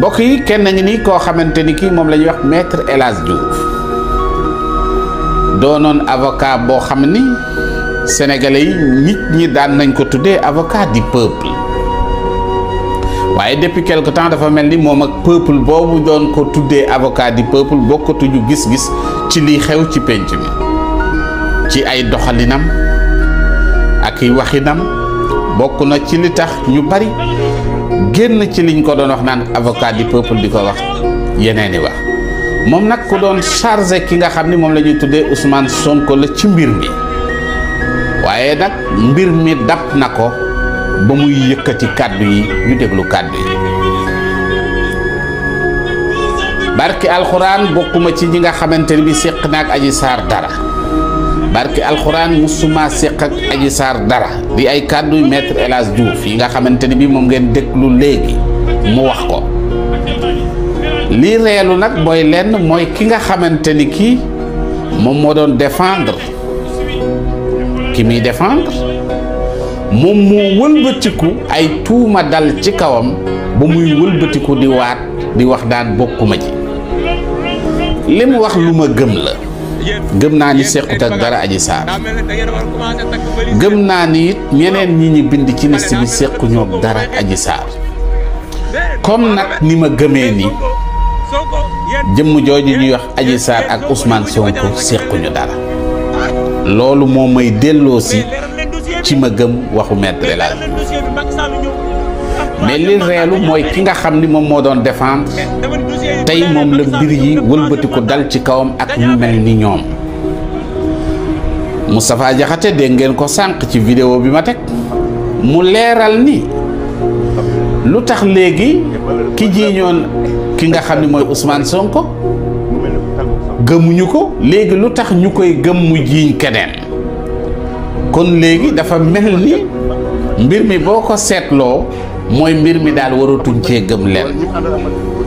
mbokk yi kenn ngi ni koo xamante ni kii moom la ñuy wax maître elas Diouf doonoon avocat boo xam ni sénégalais yi nit ñi daan nañ ko tuddee avocat du peuple waaye depuis quelque temps dafa mel ni moom ak peuple boobu doon ko tuddee avocat du peuple bokkatuñu gis-gis ci li xew ci penc mi ci ay doxalinam ak waxinam bokk na ci li tax ñu bari génn ci liñ ko doon wax naan avocat du peuple di ko wax yeneen i wax moom nag ku doon chargé ki nga xam ni moom la tuddee Ousmane Sonko la ci mbir mi waaye nag mbir mi dab na ko ba muy yëkkati kàddu yi ñu déglu kàddu yi barki alxuraan bokkuma ci ñi nga xamante ni bi séq naag aji saar dara barke alquran musuma sekk ak aji sar dara di ay kàdduy maître elas Hadj Diouf yi nga xamanteni bi mom ngeen déglu léegi mu wax ko li reelu nak boy lenn moy ki nga xamanteni ki mom moom moo défendre ki mi défendre mom mo wëlbeutiku ay tuuma dal ci kawam bu muy wëlbeutiku di waat di wax daan bokkuma ji lim wax luma gem la gëm naa ni sequtat dara aji saar gëm naa ni it ñeneen ñi ñu bind ci liste bi sequñoog dara aji saar comme nag ni ma gëmee ni jëmm jooju ñuy wax aji saar ak usmaan Sonko sequñu dara loolu moo may delloosi ci ma gëm waxu maître la mais li reelu mooy ki nga xam ni moom moo doon défendre tey moom la mbir yi wëlbati dal ci kawam ak ñu mel ni ñoom Moustapha Diakhaté de ngeen ko sànq ci vidéo bi ma teg mu leeral ni lu tax léegi ki jiiñoon ki nga xam ni mooy Ousmane Sonko gëmuñu ko léegi lu tax ñu koy gëm mu jiiñ keneen kon léegi dafa mel ni mbir mi boo ko seetloo moy mbir mi dal waratuñ ci gëm leen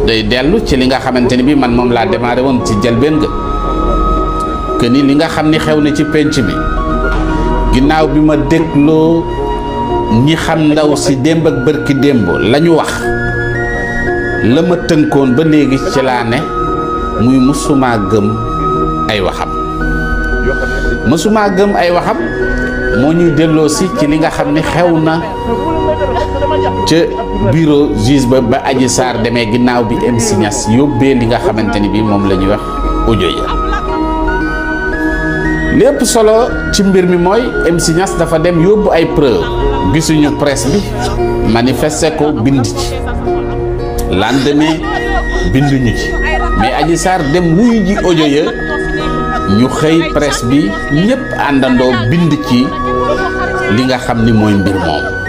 day delu ci li nga xamanteni bi man mom la démarré won ci jëlbeen nga ke ni li nga xamni ni xew na ci pench bi ginnaaw bi ma dégloo ñi xam ndaw si demb ak barki démb la wax la ma tënkoon ba léegi ci la ne muy musuma gëm ay waxam musuma gëm ay waxam mo ñuy delo si ci li nga xamni ni na ci biro juge ba ba aji sar demee ginnaaw bi MC Niass yóbbee li nga xamanteni bi mom lañuy wax audio ya solo ci mbir mi moy MC Niass dafa dem yobbu ay preuve Presbi presse bi manifesté ko bind ci lendemain ñu ci mais aji sar dem muy ji audio ya ñu xey presse bi ñepp andando bind ci li nga xamni moy mbir mom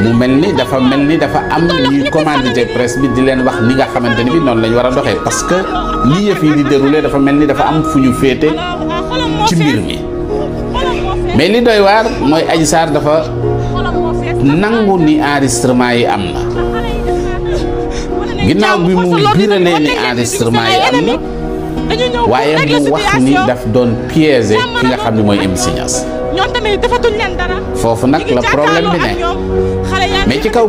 mu mel ni dafa mel ni dafa am ñuy commandité presse bi di leen wax ni nga xamante ni bi noonu lañ war a doxee parce que ni yëf yi di déroulé dafa mel ni dafa am fu ñu féete ci mbir mi mais li doy waar mooy Adji Sarr dafa nangu ni enregistrement yi am na ginnaaw bi mu biralee ni enregistrement yi am na waaye mu wax ni daf doon piéger ki nga xam ne mooy MC Niass foofu nag la problème bi ne mais ci kaw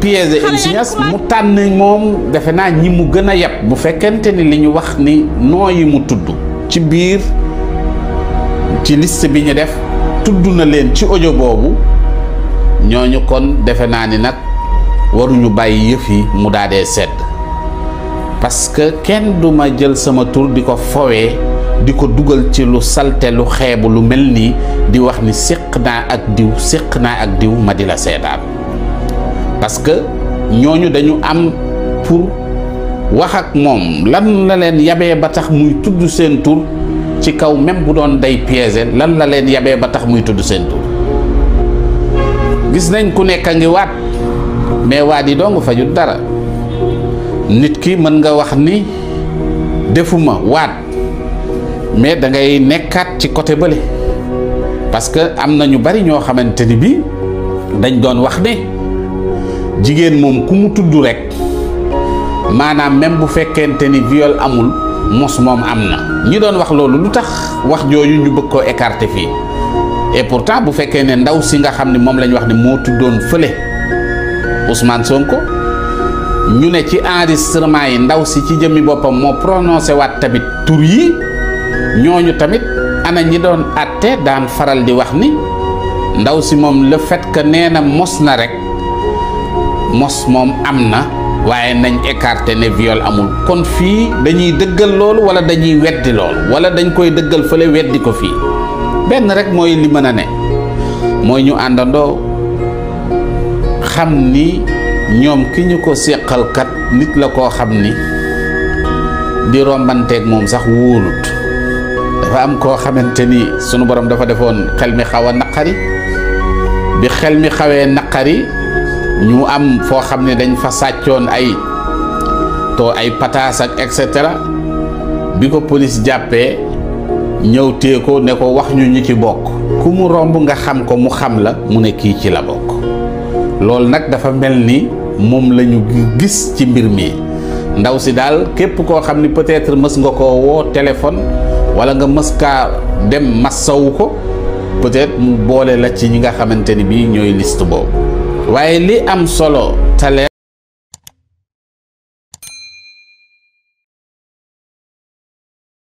piège insignes mu tànn moom defe naa ñi mu gën a yeb bu fekkente ni li ñu wax ni noo yi mu tudd ci biir ci liste bi ñu def tudd na leen ci audio boobu ñooñu kon defe naa ni nag waruñu bàyyi yëf yi mu daadee sedd parce que kenn duma jël sama tur di ko fowee di ko dugal ci lu salte lu xeebu lu mel nii di wax ni séq naa ak diw séq naa ak diw ma di la seetaan parce que ñooñu dañu am pour wax ak moom lan la leen yabee ba tax muy tudd seen tur ci kaw même bu doon day piégé lan la leen yabee ba tax muy tudd seen tur gis nañ ku nekk a ngi waat mais waat yi dong faju dara nit ki mën nga wax ni defuma waat mais da ngay nekkat ci côté nyubari parce que amna ñu bari ño xamanteni bi dañ doon wax ne jigen mom ku mu tuddu rek manam même bu fekente ni viol amul mos mom amna, ñi doon wax lolu lutax wax jooju ñu bëgg ko écarter fi et pourtant bu fekke ne ndaw si nga xamni mom lañ wax ni mo tuddon feulé Ousmane Sonko ñu ne ci enregistrement yi ndaw si ci jëmi bopam mo prononcer wat tabit tour yi ñoñu tamit ana ñi doon atté daan faral di wax ni ndaw si mom le fait que néna na mos na rek mos mom amna, waye nañ écarté ne viol amul kon fi dañuy lol, lool wala dañuy weddi lool wala dañ koy deggal fële weddi ko fi ben rek moy li mëna né moy ñu andando xamni ñom ki ñu ko nit la ko xamni di rombanté ak mom sax wulut dafa am ko xamanteni sunu borom dafa defon xelmi xawa nakari bi xelmi xawé nakari ñu am fo xamné dañ fa saccion ay to ay patas ak et cetera bi ko police jappé ñew téye ko ne ko wax ñu ñi ci bok ku mu romb nga xam ko mu xam la mu ne ki ci la bok nak dafa melni mom lañu gis ci mbir mi ndaw si dal képp ko xamni ni peut-être mës nga ko wo téléphone wala nga mës kaa dem massawu ko peut-être mu boole la ci ñi nga xamante ni bii ñooy liste boobu waaye li am solo tale